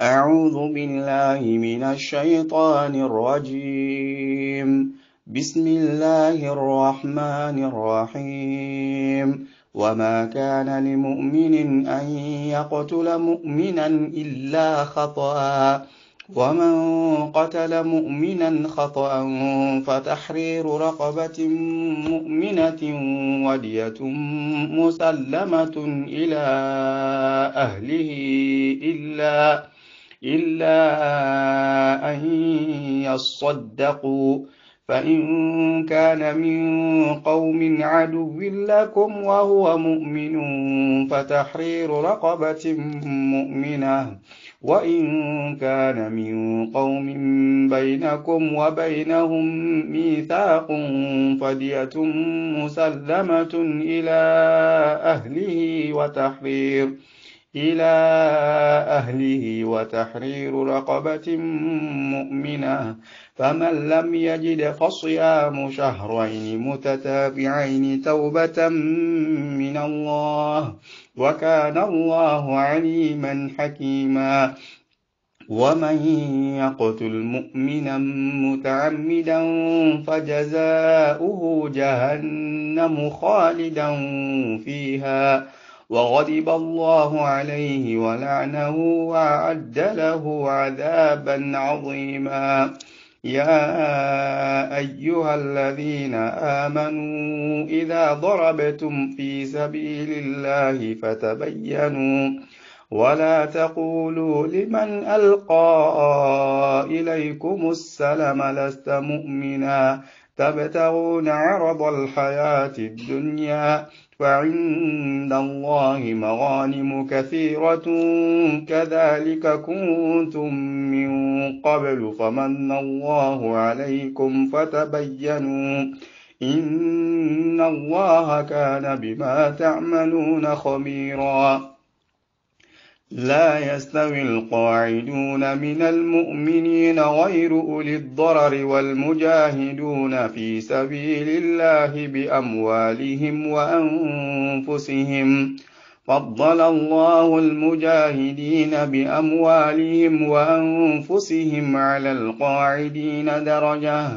أعوذ بالله من الشيطان الرجيم بسم الله الرحمن الرحيم وما كان لمؤمن أن يقتل مؤمنا إلا خطأ ومن قتل مؤمنا خطأ فتحرير رقبة مؤمنة ودية مسلمة إلى أهله إلا إلا أن يصدقوا فإن كان من قوم عدو لكم وهو مؤمن فتحرير رقبة مؤمنة وإن كان من قوم بينكم وبينهم ميثاق فدية مسلمة إلى أهله وتحرير إلى أهله وتحرير رقبة مؤمنة فمن لم يجد فصيام شهرين متتابعين توبة من الله وكان الله عليما حكيما ومن يقتل مؤمنا متعمدا فجزاؤه جهنم خالدا فيها وغضب الله عليه ولعنه وأعد له عذابا عظيما يا أيها الذين آمنوا إذا ضربتم في سبيل الله فتبينوا ولا تقولوا لمن ألقى إليكم السلم لست مؤمنا تبتغون عرض الحياة الدنيا فعند الله مغانم كثيرة كذلك كنتم من قبل فمن الله عليكم فتبينوا إن الله كان بما تعملون خبيراً لا يستوي القاعدون من المؤمنين غير أولي الضرر والمجاهدون في سبيل الله بأموالهم وأنفسهم ۖ فضل الله المجاهدين بأموالهم وأنفسهم على القاعدين درجة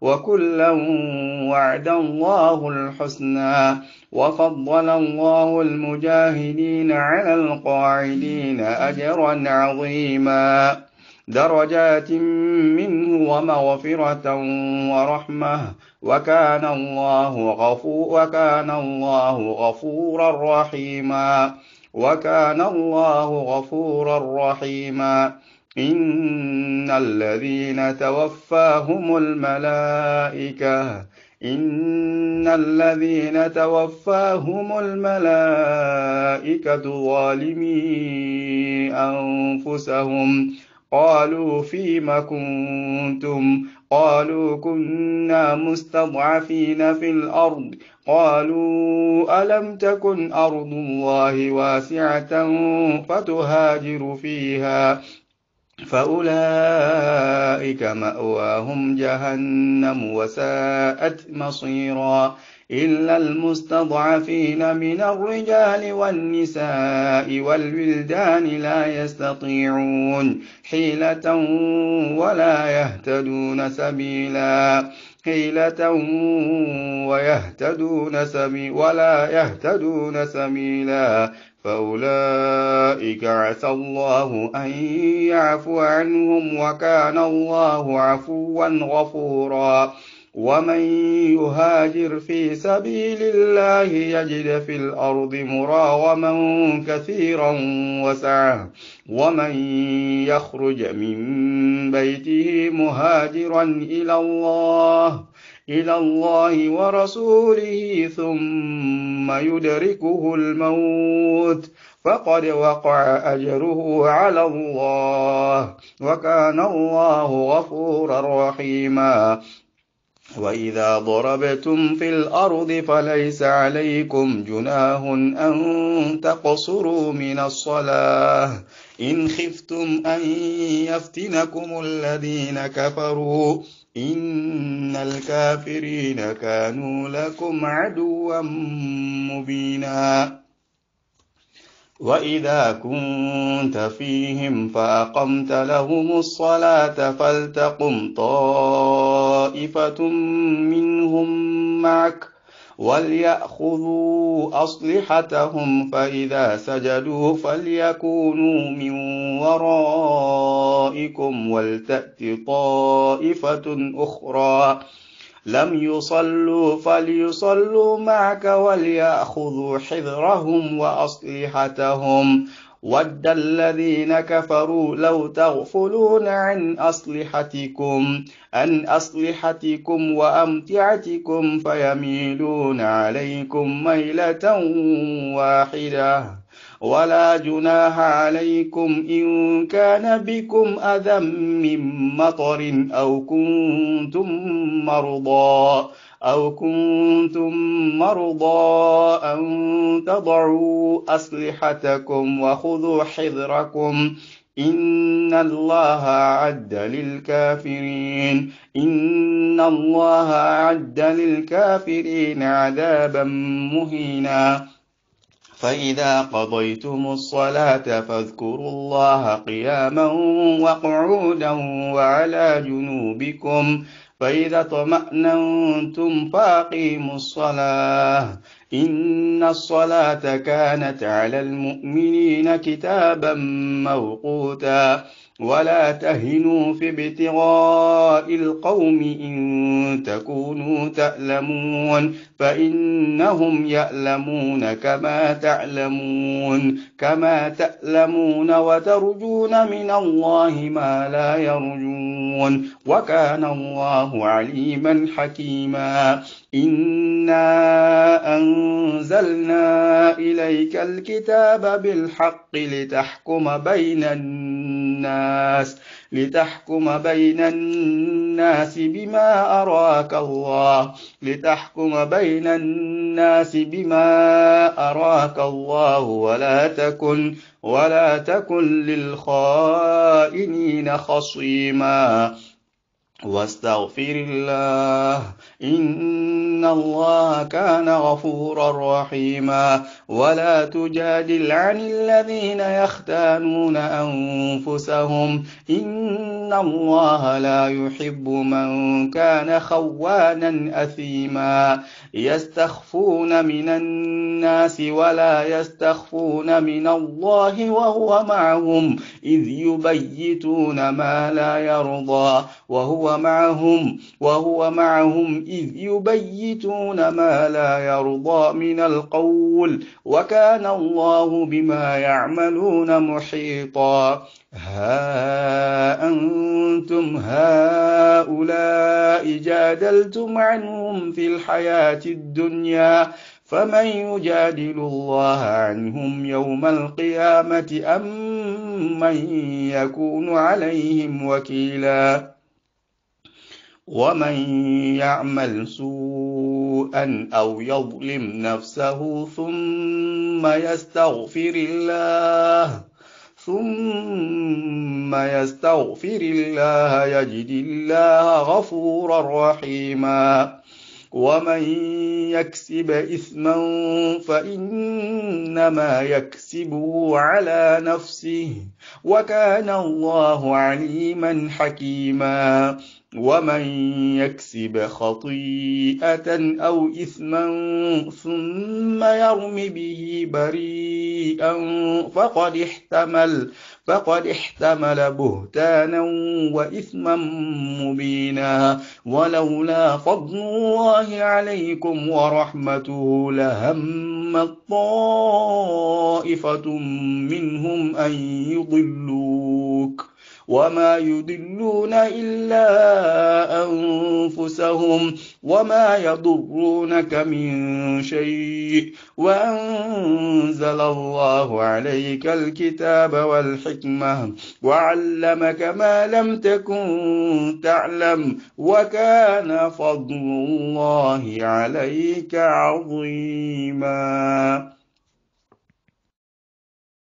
وكلا وعد الله الحسنى وفضل الله المجاهدين على القاعدين أجرا عظيما درجات منه ومغفرة ورحمة وكان الله غفور وكان الله غفورا رحيما وكان الله غفورا رحيما إن الذين توفاهم الملائكة إن الذين توفاهم الملائكة ظالمي أنفسهم قالوا فيم كنتم قالوا كنا مستضعفين في الأرض قالوا ألم تكن أرض الله واسعة فتهاجر فيها فأولئك مأواهم جهنم وساءت مصيرا إلا المستضعفين من الرجال والنساء والولدان لا يستطيعون حيلة ولا يهتدون سبيلا حيلة ويهتدون سبيل ولا يهتدون سبيلا فأولئك عسى الله أن يعفو عنهم وكان الله عفوا غفورا ومن يهاجر في سبيل الله يجد في الأرض مراغما كثيرا وسعة ومن يخرج من بيته مهاجرا إلى الله إلى الله ورسوله ثم يدركه الموت فقد وقع أجره على الله وكان الله غفورا رحيما وإذا ضربتم في الأرض فليس عليكم جناه أن تقصروا من الصلاة إن خفتم أن يفتنكم الذين كفروا إن الكافرين كانوا لكم عدوا مبينا وإذا كنت فيهم فأقمت لهم الصلاة فلتقم طائفة منهم معك وليأخذوا أصلحتهم فإذا سجدوا فليكونوا من ورائكم ولتأت طائفة أخرى لم يصلوا فليصلوا معك وليأخذوا حذرهم وأصلحتهم ود الذين كفروا لو تغفلون عن أصلحتكم عن أصلحتكم وأمتعتكم فيميلون عليكم ميلة واحدة ولا جناح عليكم إن كان بكم أذى من مطر أو كنتم مرضى أو كنتم مرضى أن تضعوا أسلحتكم وخذوا حذركم إن الله أعد للكافرين إن الله أعد للكافرين عذابا مهينا فإذا قضيتم الصلاة فاذكروا الله قياما وقعودا وعلى جنوبكم فإذا طمأنتم فأقيموا الصلاة إن الصلاة كانت على المؤمنين كتابا موقوتا ولا تهنوا في ابتغاء القوم إن تكونوا تألمون فإنهم يألمون كما تعلمون كما تألمون وترجون من الله ما لا يرجون وكان الله عليما حكيما إنا أنزلنا إليك الكتاب بالحق لتحكم بين الناس الناس لتحكم بين الناس بما أراك الله لتحكم بين الناس بما أراك الله ولا تكن ولا تكن للخائنين خصيما واستغفر الله إن إن الله كان غفورا رحيما ولا تجادل عن الذين يختانون أنفسهم إن الله لا يحب من كان خوانا أثيما يستخفون من الناس ولا يستخفون من الله وهو معهم إذ يبيتون ما لا يرضى وهو معهم وهو معهم إذ يبيتون تنبتون ما لا يرضى من القول وكان الله بما يعملون محيطا ها أنتم هؤلاء جادلتم عنهم في الحياة الدنيا فمن يجادل الله عنهم يوم القيامة أم من يكون عليهم وكيلاً ومن يعمل سوءا أو يظلم نفسه ثم يستغفر الله ثم يستغفر الله يجد الله غفورا رحيما ومن يكسب إثما فإنما يكسبه على نفسه وكان الله عليما حكيما ومن يكسب خطيئه او اثما ثم يرم به بريئا فقد احتمل فقد احتمل بهتانا واثما مبينا ولولا فضل الله عليكم ورحمته لهم الطائفه منهم ان يضلوك وما يدلون إلا أنفسهم وما يضرونك من شيء وأنزل الله عليك الكتاب والحكمة وعلمك ما لم تكن تعلم وكان فضل الله عليك عظيما